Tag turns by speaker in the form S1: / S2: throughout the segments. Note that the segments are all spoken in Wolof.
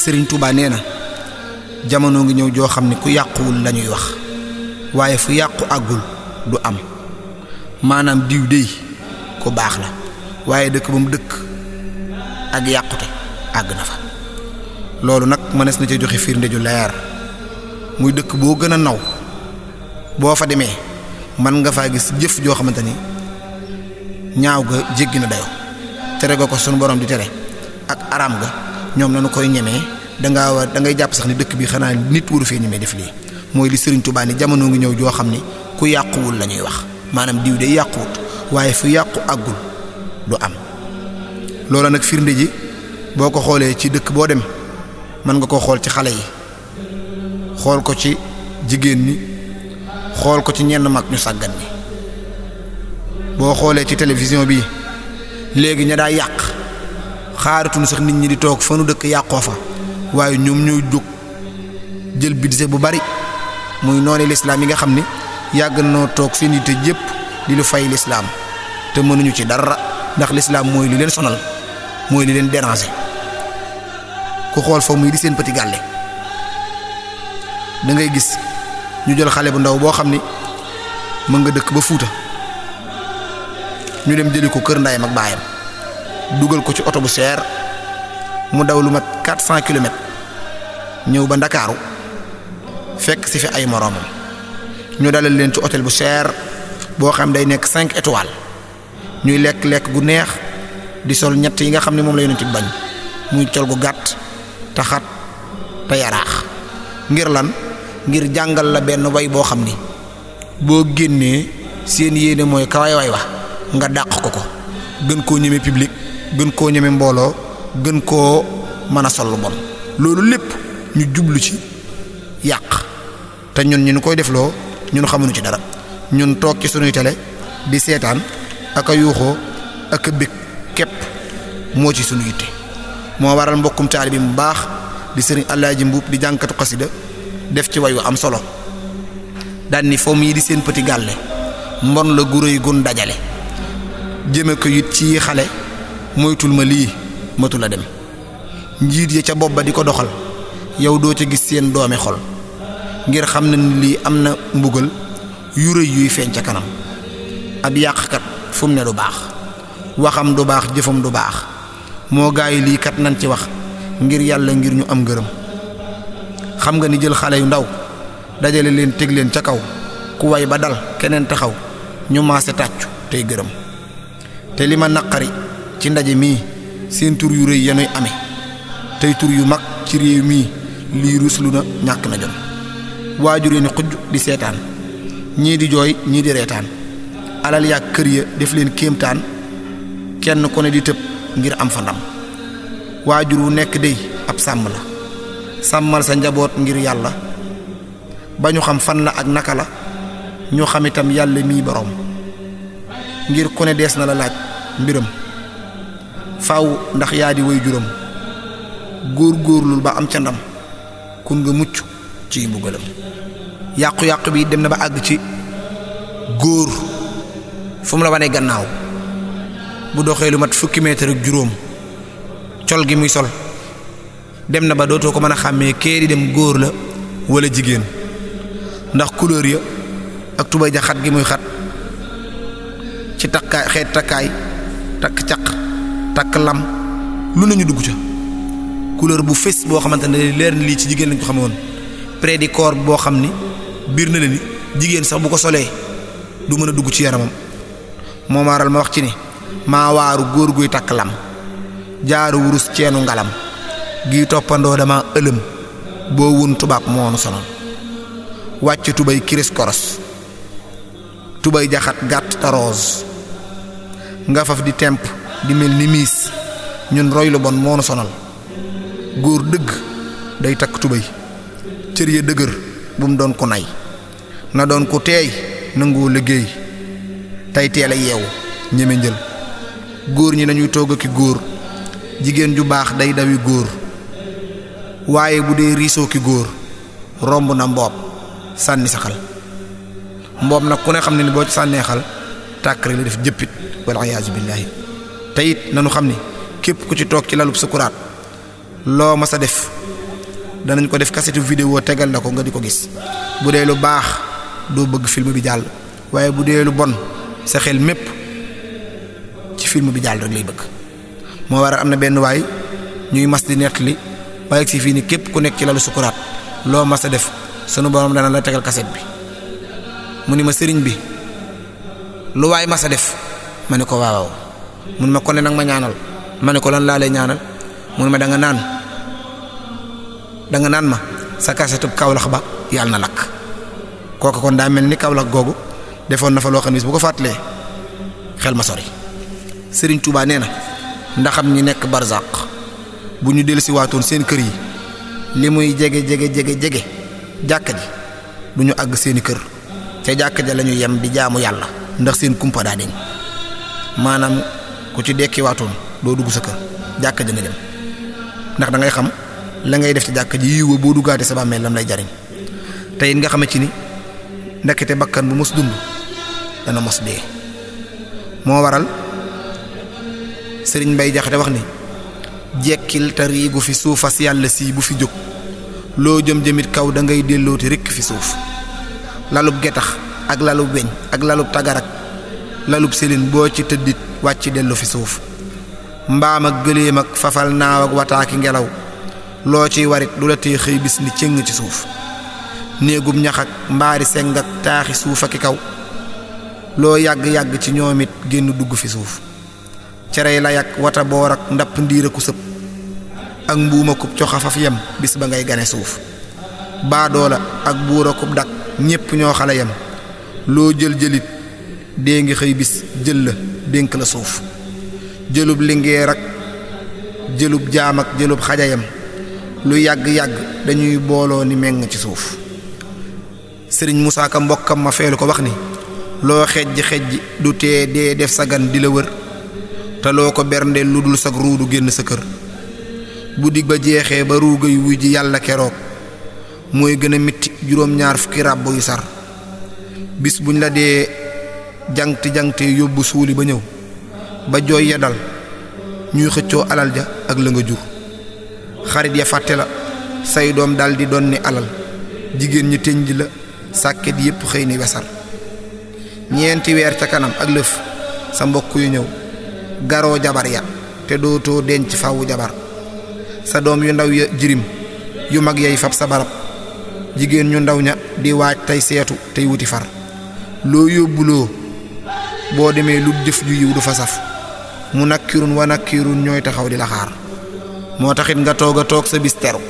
S1: sëriñ Touba nee na jamono ngi ñëw joo xam ne ku yàquwul lañuy wax waaye fu yàqu àggul du am maanaam diw dey ku baax la waaye dëkk ba mu dëkk ak yàqute àgg na fa loolu nag mënees na ca joxe firnde ju leer muy dëkk boo gën a naw boo fa demee mën nga faa gis jëf joo xamante ni ñaaw ga jéggi na dayo tere ga ko sunu borom di tere ak araam ga ñoom nanu koy ñemee dangaa war da ngay jàpp sax ni dëkk bi xanaa nit waru fee ñemee def lii mooy li Serigne Touba jamono ngi ñëw joo xam ni ku yàquwul la ñuy wax maanaam diw de yàquwut waaye fu yàqu àggul du am loola nag firnde ji boo ko xoolee ci dëkk boo dem mën nga ko xool ci xale yi xool ko ci jigéen ñi xool ko ci ñenn mag ñu sàggan ni boo xoolee ci télévision bi léegi ña daa yàq xaaratuñu sax nit ñi di toog fanu dëkk yàqoo fa waaye ñoom ñu jóg jël budget bu bari muy noonu lislaam yi nga xam ni yàgg noo toog seen yitte yépp di lu fay lislaam te mënuñu ci dara ndax lislaam mooy li leen sonal mooy li leen déranger ku xool fa muy di seen petit gàlle ngay gis ñu jël xale bu ndaw boo xam ni mën nga dëkk ba fuuta ñu dem jëli ko kër ndaayam ak baayam dugal ko ci oto bu seer mu daw lu mat 400 kilomètres ñëw ba ndakaaru fekk si fi ay moroomam ñu dalal leen ci hôtel bu cher boo xam day nekk 5 étoiles ñuy lekk lekk gu neex di sol ñett yi nga xam ne moom la yonent bi bañ muy col gu gàtt te xat ngir lan ngir jàngal la benn way boo xam ni boo génnee seen yéene mooy ka way wa nga dàq ko ko gën koo ñeme public gën koo ñeme mbooloo gën koo mën a sol lu loolu lépp ñu jublu ci yàq te ñun ñu koy defloo ñun xamuñu ci dara ñun toog ci sunuy tele di seetaan ak a yuuxoo ak a bég képp moo ci sunu yitte moo waral mbokkum bi mu baax di seen allaaji Mbuub di jànkatu xasida def ci wayu am solo daan ni fomm yi di seen petit gàlle mbon la gu rëy gun dajale jëme ko it ci xale moytul ma lii matul a dem njiit yi ca bopp ba di ko doxal yow doo ca gis seen doomi xol ngir xam na ni lii am na mbugal yu rëy yuy feeñ ca kanam ab yàq fu mu ne du baax waxam du baax jëfam du baax moo gaa yi lii kat nan ci wax ngir yàlla ngir ñu am gërëm xam nga ni jël xale yu ndaw dajale leen teg leen ca kaw ku way ba dal keneen taxaw ñu maase tàccu tey gërëm te li ma naqari ci ndaje mii seen tur yu rëy yanuy amee tey tur yu mag ci réew mii lii ruslu na ñàkk na jom waajur yi ni xujj di seetaan ñii di jooy ñii di reetaan alal yaa kër ya def leen kéemtaan kenn ku ne di tëb ngir am fa ndam waajur wu nekk dey ab sàmm la sàmmal sa njaboot ngir yàlla ba ñu xam fan la ak naka la ñoo xam itam yàlla mii boroom ngir ku ne dees na la laaj mbiram faw ndax yaa di way juróom góor góorlul ba am ca ndam kun nga mucc ci mbugalam yàqu-yàqu bii dem na ba àgg ci góor fu mu la wanee gannaaw bu doxee lu mat fukki mètre ak juróom col gi muy sol dem na ba dootoo ko mën a xàmmee kee di dem góor la walla jigéen ndax couleur ya ak tubéy ja xat gi muy xat ci takkaay xeet takkaay takk caq takk lam lu nañu dugg ca couleur bu fés boo xamante ne leer na lii ci jigéen lañ ko xamee woon près du corps boo xam ni biir na la jigéen sax bu ko solee du mën a dugg ci yaramam moo waral ma wax ci ni maa góor guy takk lam jaaru wurus ceenu ngalam gii toppandoo dama ëlëm boo wun tubaab moonu sonal wàcc tubay kiris koros tubay jaxat gàtt taroos nga faf di temp di mel ni miis ñun roy lu bon moo sonal góor dëgg day takk tubéy cër ya dëgër bu mu doon ko nay na doon ko teey nangoo liggéey tey teel a yeewu ñeme njël góor ñi nañuy toog ki góor jigéen ju baax day dawi góor waaye bu dee riisoo ki góor romb na mboob sànni sa xal mboob nag ku ne xam ne ni boo ci sànneexal xal tàkkare la def jëppit wal iyaazu billaahi te it nañu xam ni képp ku ci toog ci lalub sukuraat loo mas a def danañ ko def kasetu vidéo tegal la ko nga di ko gis bu dee lu baax doo bëgg film bi jàll waaye bu dee lu bon sa xel mépp ci film bi jàll rek lay bëgg moo waral am na benn waay ñuy mas di nettali waaye si fii ni képp ku nekk ci lalu sukuraat loo mas a def sunu borom dana la tegal kaset bi mu ni ma sëriñ bi lu waay mas a def ma ne ko waawaaw mun ma kon nag ma ñaanal ma ne ko lan laa lay ñaanal mun ma da naan da naan ma sa kasetu Kaolack ba yàlla na lakk kooku kon daa mel ni Kaolack googu defoon na fa loo xam ne bis bu ko fàttalee xel ma sori sëriñ tuubaa nee na ndaxam ñi nekk Barzak bu ñu dellusi waatoon seen kër yi li muy jége jege jege jege jàkk ji du ñu àgg seeni kër ca jàkk ja la yem bi jaamu yàlla ndax seen kumpa daa deñ maanaam ku ci dekkiwaatoon doo dugg sa kër jàkka ja nga dem ndax da ngay xam la ngay def ci jàkka ji yiwa boo duggaatee sa bàmmeel lay jariñ tey it nga xame ci ni ndekete bakkan bu mos dund dana mos dee moo waral sëriñ Mbay Jaxate wax ni jekkil te riigu fi si yàlla sii bu fi jóg loo jëm jëmit kaw da ngay dellooti rekk fi suuf lalub getax ak lalub weñ ak lalub tagarak lalub selin boo ci tëddit wàcc dellu fi suuf mbaam ak gëléem ak fafal naaw ak wataaki ngelaw loo ciy warit du la tee bis ni cëng ci suuf néegub ñax ak mbaari seng ak taaxi suuf ak i kaw loo yàgg-yàgg ci ñoom it génn dugg fi suuf cerey lay ak wata boor ak ndapp ndiir aku sëb ak mbuuma kub coxa faf yem bis ba ngay gane suuf baadoola ak buura kub dak ñépp ñoo xale yem loo jël jëlit dée ngi xëy bis jël la dénk la suuf jëlub lingeer ak jëlub jaam ak jëlub xajayam lu yàgg-yàgg dañuy booloo ni meng ci suuf sëriñ Moussa Ka mbokkam ma feelu ko wax ni loo xejj xejj du tee dee def sa di la wër te loo ko bernde lu dul sag ruudu génn sa kër bu dig ba jeexee ba ruugay wuy ji yàlla keroog mooy gën a mitti juróom-ñaar fukki ràbb yu sar bis buñ la dee jangti jangte yóbbu suuli ba ñëw ba jooy ya dal ñuy xëccoo alal ja ak la nga jur xarit ya fàtte la say doom daldi doon ni alal jigéen ñi tëñj la sàkket yépp xëy ni wesar ñeenti weer ca kanam ak lëf sa mbokk yu ñëw garoo jabar ya te dootoo denc faw jabar sa doom yu ndaw ya jirim yu mag yay fab sa barab jigéen ñu ndaw ña di waaj tey seetu tey wuti far loo yóbbuloo boo demee lu jëf ju yiw du fa saf mu nakkirun wa nakkirun ñooy taxaw di la xaar moo taxit nga toog a toog sa bis teru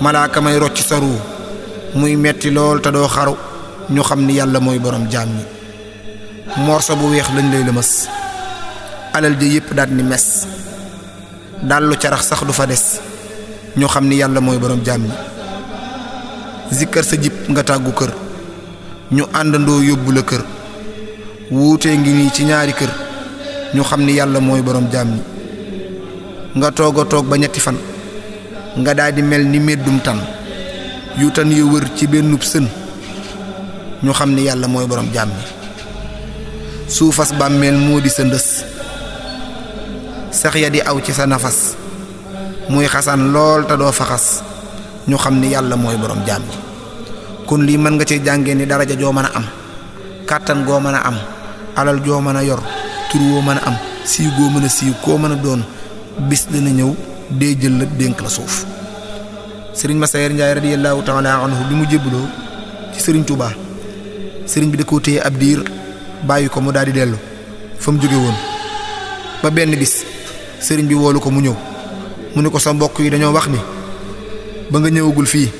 S1: malaaka may rocc sa ruu muy metti lool te doo xaru ñu xam ni yàlla mooy borom jaam ñi morso bu weex lañ lay lëmës alal ji yépp daat ni mes dallu carax sax du fa des ñu xam ni yàlla mooy borom jaam ñi zikkar sa jip nga tàggu kër ñu àndandoo yóbbu la kër wuutee ngi nii ci ñaari kër ñu xam ni yàlla mooy borom jaam ñi nga toog a toog ba ñetti fan nga daldi mel ni meddum tan yu tan yu wër ci bennub sën ñu xam ni yàlla mooy borom jaam ñi suufas bàmmeel moo di sa ndës sax ya di aw ci sa nafas muy xasan lool te doo faxas ñu xam ni yàlla mooy borom jaam ñi kon lii mën nga cee jànge ni daraja joo mën a am kàttan goo mën a am alal joo mën a yor tur woo mën a am sii goo mën a siiw koo mën a doon bis dana ñëw dee jël la dénk la suuf sëriñ ma Massayer Ndiaye radiyallahu taala anhu bi mu jébbaloo ci sëriñ Touba sëriñ bi da koo téye ab diir bàyyi ko mu daal di dellu fa mu jóge woon ba benn bis sëriñ bi woolu ko mu ñëw mu ne ko sa mbokk yi dañoo wax ni ba nga ñëwagul fii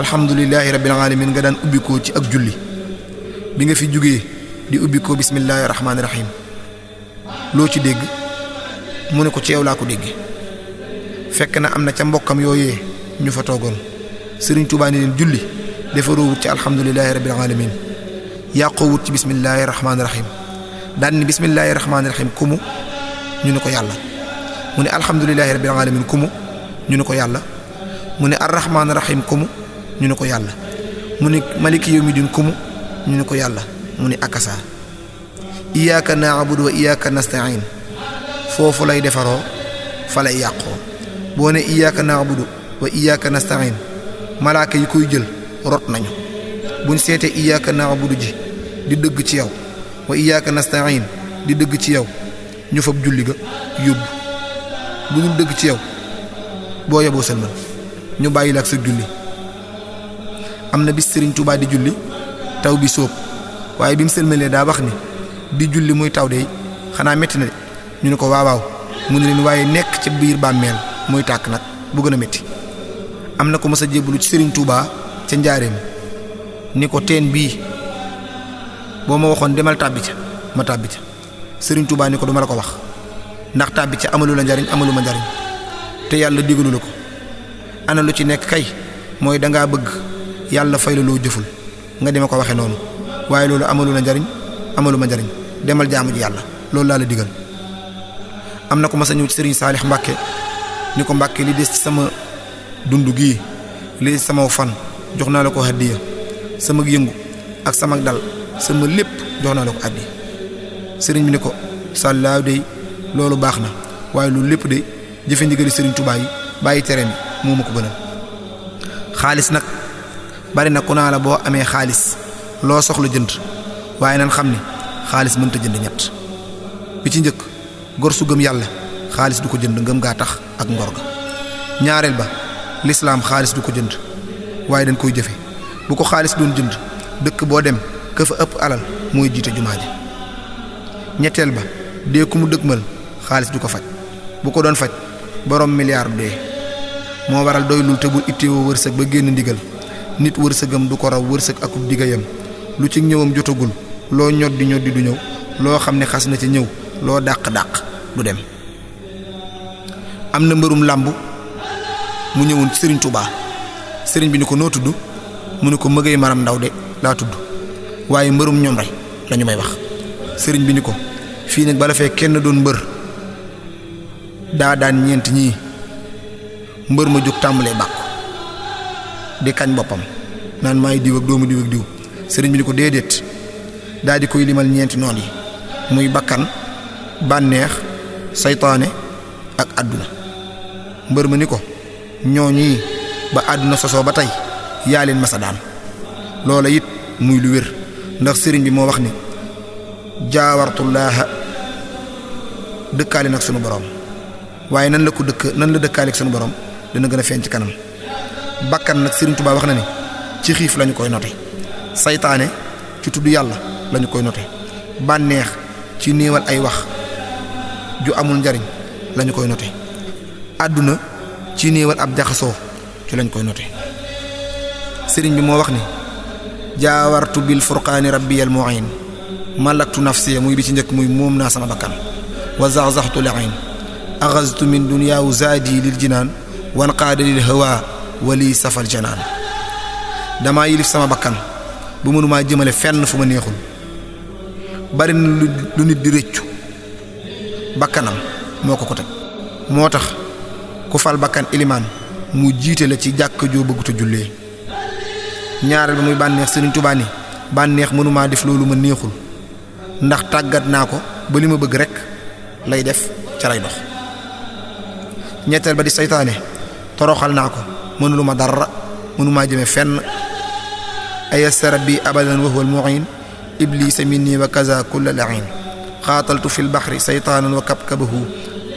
S1: alhamdulilahi rabbil alamin nga daan ubbikoo ci ak julli bi nga fi jugee di ubbi ko bismillaahi rahmaani rahiim loo ci dégg mu ne ko ci yow laa ko dégg fekk na am na ca mbokkam yooyee ñu fa toogoon sëriñ Tuubaa leen julli defaroo wut ci alhamdulillaahi rabbil aalamiin yàqoo wut ci bismillaahi rahmaani rahiim daan ni bismillaahi rahmaani rahiim kumu ñu ne ko yàlla mu ne alhamdulillaahi rabbil aalamiin kumu ñu ne ko yàlla mu ne arrahmaani rahiim kumu ñu ne ko yàlla mu ne maliki yawmi diin kumu ñu ne ko yàlla mu ne akasa iyaaka naabudu wa iyaaka nastain foofu lay defaroo fa lay yàqoo boo ne iyaaka naabudu wa iyaaka nastain malaaka yi koy jël rot nañu buñ seetee iyaaka naabudu ji di dëgg ci yow wa iyaaka nastain di dëgg ci yow ñu fab julli ga yóbbu bu dul dëgg ci yow boo yeboo sëlmal ñu bàyyi la ak sa julli am na bis Sëriñ Tuubaa di julli taw bi sóob waaye bi mu sëlmalee daa wax ni bi julli muy taw de xanaa métti na de ñu ne ko waawaaw mu ne leen waaye nekk ci biir bàmmeel muy tàkk nag bu gën a métti am na ko mës a jébbalu ci sëriñ Touba ca njaareem ni ko teen bii boo ma waxoon demal tàbbi ca ma tàbbi ca sëriñ Touba ni ko duma la ko wax ndax tàbbi ca amalu la njariñ amalu ma njariñ te yàlla digalu ko ana lu ci nekk kay mooy dangaa bëgg yàlla fay la loo jëful nga deme ko waxee noonu waaye loolu amalu la njariñ amalu ma njariñ demal jaamu yàlla loolu laa la digal am na ko ma sa ñëw ci sëriñ Saalix Mbàkke ni ko Mbàkke li des ci sama dund gii li sama fan jox naa la ko hàddiya sama yëngu ak sama dal sama lépp jox naa la ko sëriñ bi ni ko sàllaaw de loolu baax na waaye loolu lépp de jëfe ndigali sëriñ Tuubaa yi bàyyi tere mi moo ma ko gënal xaalis nag bari na ku naa la boo amee xaalis loo soxla jënd waaye nan xam ne xaalis mënta jënd ñett bi ci njëkk gor su gëm yàlla xaalis du ko jënd ngëm gaa tax ak ngor ga ñaareel ba lislaam xaalis du ko jënd waaye dañ koy jëfe bu ko xaalis doon jënd dëkk boo dem këf fa ëpp alal mooy jiite jumaa ji ñetteel ba dee ku mu dëgmal xaalis du ko faj bu ko doon faj borom milliard dee moo waral doylul te bul ittewoo wërsëg ba génn ndigal nit wërsëgam du ko raw wërsëg akub diggayam lu ci ñëwam jotagul loo ñoddi ñoddi du ñëw loo xam ne xas na ci ñëw loo dàq-dàq du dem am na mbërum làmb mu ñëwoon ci sëriñ Touba sëriñ bi ni ko noo tudd mu ne ko mëgay maram ndaw de laa tudd waaye mbërum ñoom rek lañu may wax sëriñ bi ni ko fii nag balafee kenn doon mbër daa daan ñeent ñii mbër ma jóg tàmbalee bàkku di kañ boppam naan maay diw ak doomu diw ak diw sëriñ bi ni ko déedéet daal di koy limal ñeenti noon yi muy bakkan bànneex saytaane ak àdduna mbër ma ni ko ñooñi ba àdduna sosoo ba tey yaa leen masa daan loola it muy lu wér ndax sëriñ bi moo wax ni jaawartullaaha dëkkaale nag sunu borom waaye nan la ko dëkk nan la dëkkaale ak sunu borom dana gën a feeñ ci kanam bakkan nag Serigne Touba wax na ni ci xiif lañu koy note seytaane ci tudd yàlla lañu koy note bànneex ci néewal ay wax ju amul njariñ lañu koy note àdduna ci néewal ab jaxasoo ci lañ koy note sëriñ bi moo wax ni jaawartu bil furqaani rabbiyal mu'in malaktu nafsi muy bi ci njëkk muy moom naa sama bakkan wa zaxzaxtu lain axastu min duniyaawu zaadi lil jinaan wan lil hawa wali safar janaan damaa yilif sama bakkan bu mënumaa jëmale fenn fu ma neexul bari na lu nit di rëccu bakkanam moo ko ko teg moo tax ku fal bakkan ilimaan mu jiite la ci jàkk joo bëgguta jullee ñaareel ba muy bànneex Sëriñ Tuubaa ni bànneex mënumaa def loolu ma neexul ndax tàggat naa ko ba li ma bëgg rekk lay def ca lay dox ñetteel ba di seytaane toroxal naa ko mënulu ma dara mënumaa maa jëme fenn ayasta rabbi abadan wa huwa almuin iblisa minni wa kaza kulla lain xaataltu fi lbaxri saytaanan wa kabkabahu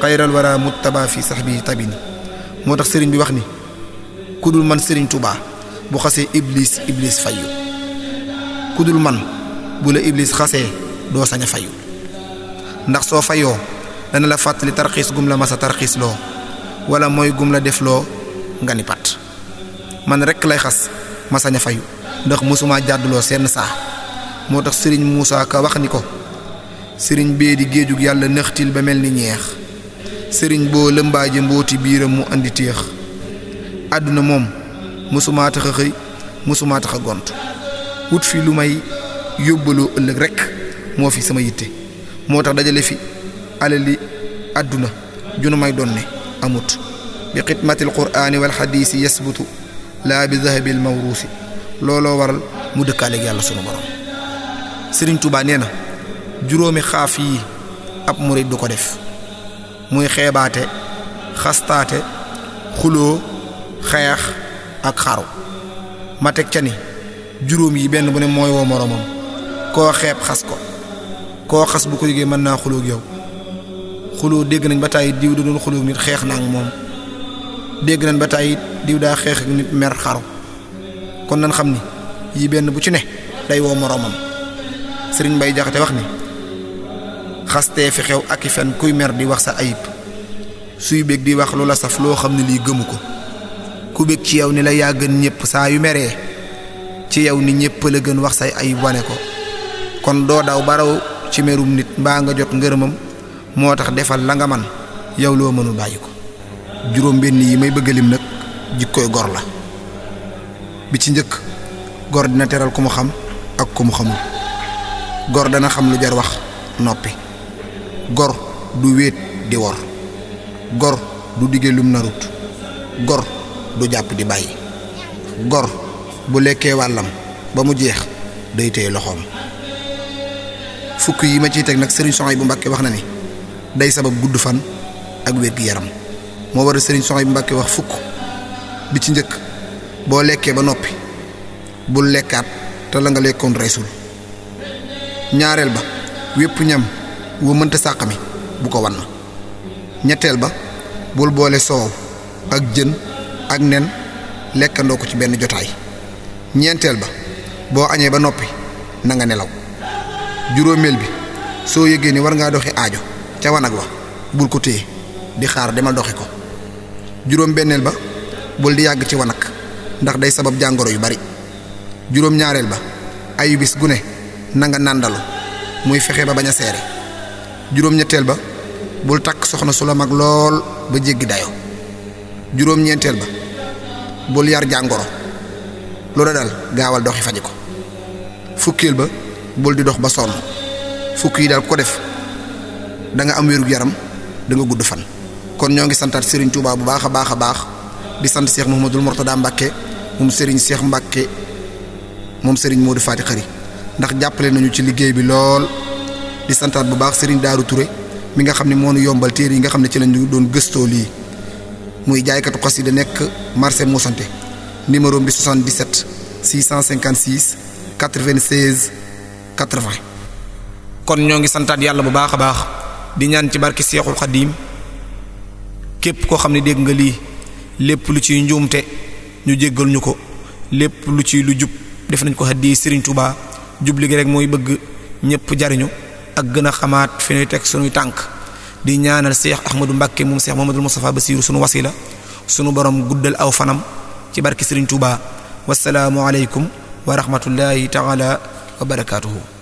S1: xayral wara muttaba fi saxbi tabini moo tax sëriñ bi wax ni ku man sëriñ tubaa bu xasee iblis iblis fayu ku man bu la iblis xasee doo sañ a ndax soo fayoo dana la fàttali tarxiis gum la masa tarxiis loo wala mooy gum la def loo nga ni pat man rek lay xas ma sañ fayu ndax mosuma jàddaloo seen saa moo tax sëriñ Moussa Ka wax ni ko sëriñ bee di géejug yàlla nëxtil ba mel ni ñeex sëriñ boo lëmbaaje mbooti biiram mu andi téex àdduna moom mësumaa tax a xëy mosuma tax a gont wut fi lu may yóbbaloo ëllëg rek moo fi sama yitte moo tax dajale fi alali àdduna junu may doon ne amut bi xidmatil quraani wal xadiisi yasbutu laa bi dahabil mawruusi looloo waral mu dëkkaaleeg yàlla sunu borom Serigne Touba nee na juróomi xaaf yi ab murid du ko def muy xeebaate xastaate xuloo xeex ak xaru ma teg ca ni juróom yi benn bu ne mooy woo moroomam koo xeeb xas ko koo xas bu ko jógee mën naa xuloo yow xuloo dégg nañ ba tàyyi diw da doon nit xeex naa ak moom dégg nañ ba tàyyi diw daa xeex ak nit mer xaru kon nan xam ni yi benn bu ci ne day woo moroomam sëriñ bay Jaxate wax ni xastee fi xew ak i fen kuy mer di wax sa ayib suy bég di wax lu la saf loo xam ne lii gëmu ko ku bég ci yow ni la yaa gën ñépp saa yu meree ci yow ni ñépp la gën wax say ayib wane ko kon doo daw baraw ci merum nit mbaa nga jot ngërëmam moo tax defal la nga man yow loo mënul bàyyi ko juróom benn yi may bëggalim nag jikkooy gor la bi ci njëkk gor dina teral ku mu xam ak ku mu xamul gor dana xam lu jar wax noppi gor du wéet di wor gor du diggee lum narut gor du jàpp di bàyyi gor bu lekkee wàllam ba mu jeex day téye loxoom fukk yi ma ciy teg nag sëriñ Soxay bu Mbàkke wax na ni day sabab gudd fan ak wér-gi-yaram moo waral sëriñ Soxay bu Mbàkke wax fukk bi ci njëkk boo lekkee ba noppi bul lekkaat te la nga lekkoon reysul ñaareel ba wépp ñam wu mënta sàq mi bu ko wan ñetteel ba bul boole soow ak jën ak nen lekkandoo ko ci benn jotaay ñeenteel ba boo añee ba noppi nanga nga nelaw juróomeel bi soo yëgee ni war ngaa doxi aajo ca wanag wa bul ko téye di xaar demal doxi ko juróom benneel ba bul di yàgg ci wanag ndax day sabab jàngoro yu bari juróom-ñaareel ba ay bis gu ne na nga nàndalu muy fexe ba bañ a seere juróom-ñetteel ba bul takk soxna su la mag lool ba jéggi dayo juróom-ñeenteel ba bul yar jàngoro loola daal gaawal doxi faji ko fukkeel ba bul di dox ba sonn fukk yi daal ko def danga am wérug yaram danga gudd fan kon ñoo ngi santaat Serigne Touba bu baax a baax a baax di sant seex Cheikh Mouhamadul Mourtada Mbacke moom Serigne Cheikh Mbacke moom moo Modou Fati xëri ndax jàppale nañu ci liggéey bi lool di santaat bu baax Serigne Darou Touré mi nga xam ne moo nu yombal téere yi nga xam ne ci lañu doon gëstoo lii muy jaaykatu xasida nekk marché Moussante numéro bi 77 656 96 80. kon ñoo ngi santaat yàlla bu baax a baax di ñaan ci barke Seexul Xadiim képp koo xam ne dégg nga lii. lépp lu ciy njuumte ñu jéggal ñu ko lépp lu ciy lu jub def nañ ko hadiyi Serigne Touba jubli gi rek mooy bëgg ñëpp jariñu ak gën a xamaat fi nuy teg suñuy tànk di ñaanal Cheikh Ahmadou Mbacké moom Cheikh Mouhamadoul Moustapha Bassirou sunu wasila sunu borom guddal aw fanam ci barki Serigne Touba wasalaamu aleykum wa rahmatullahi taala wa barakaatuhu